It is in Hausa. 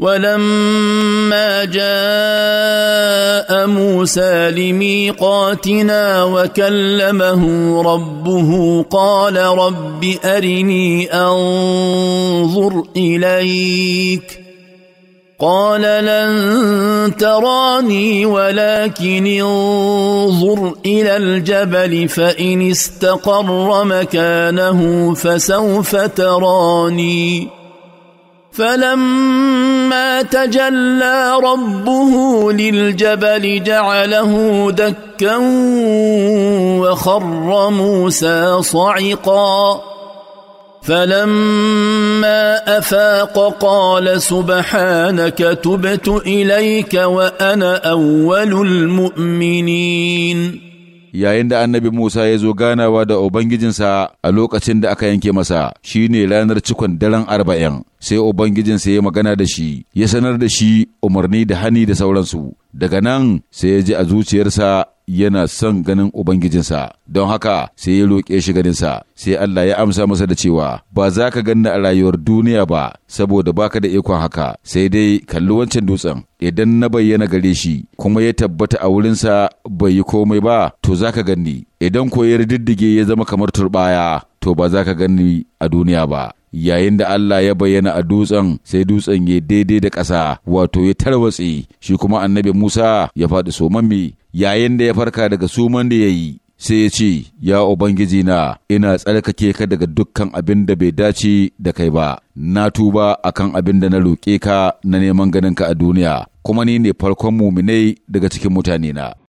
ولما جاء موسى لميقاتنا وكلمه ربه قال رب ارني انظر اليك قال لن تراني ولكن انظر الى الجبل فان استقر مكانه فسوف تراني فلما تجلى ربه للجبل جعله دكا وخر موسى صعقا فلما افاق قال سبحانك تبت اليك وانا اول المؤمنين yayin da annabi Musa ya zo ganawa da Ubangijinsa a lokacin da aka yanke masa shi ne ranar cikon daren arba'in sai Ubangijinsa ya magana da shi ya sanar da shi umarni da hani da sauransu daga nan sai ya ji a zuciyarsa yana son ganin Ubangijinsa, don haka sai ya roƙe shi ganinsa, sai Allah ya amsa masa da cewa, Ba za ka ganna a rayuwar duniya ba, saboda baka da ikon haka, sai dai kalli wancan dutsen, idan na bayyana gare shi, kuma ya tabbata a wurinsa bai yi komai ba, to za ka ganni, idan koyar diddige ya zama kamar turbaya, to ba za ka ganni a duniya ba. yayin da Allah ya bayyana a dutsen sai dutsen ya daidai da ƙasa wato ya tarwatse shi kuma annabi Musa ya faɗi somammi yayin da ya farka daga suman da ya yi sai ya ce ya ubangiji na ina tsarkake ka daga dukkan abin da bai dace da kai ba na tuba akan abin da na roƙe ka na neman ganinka a duniya kuma ni ne farkon muminai daga cikin mutanena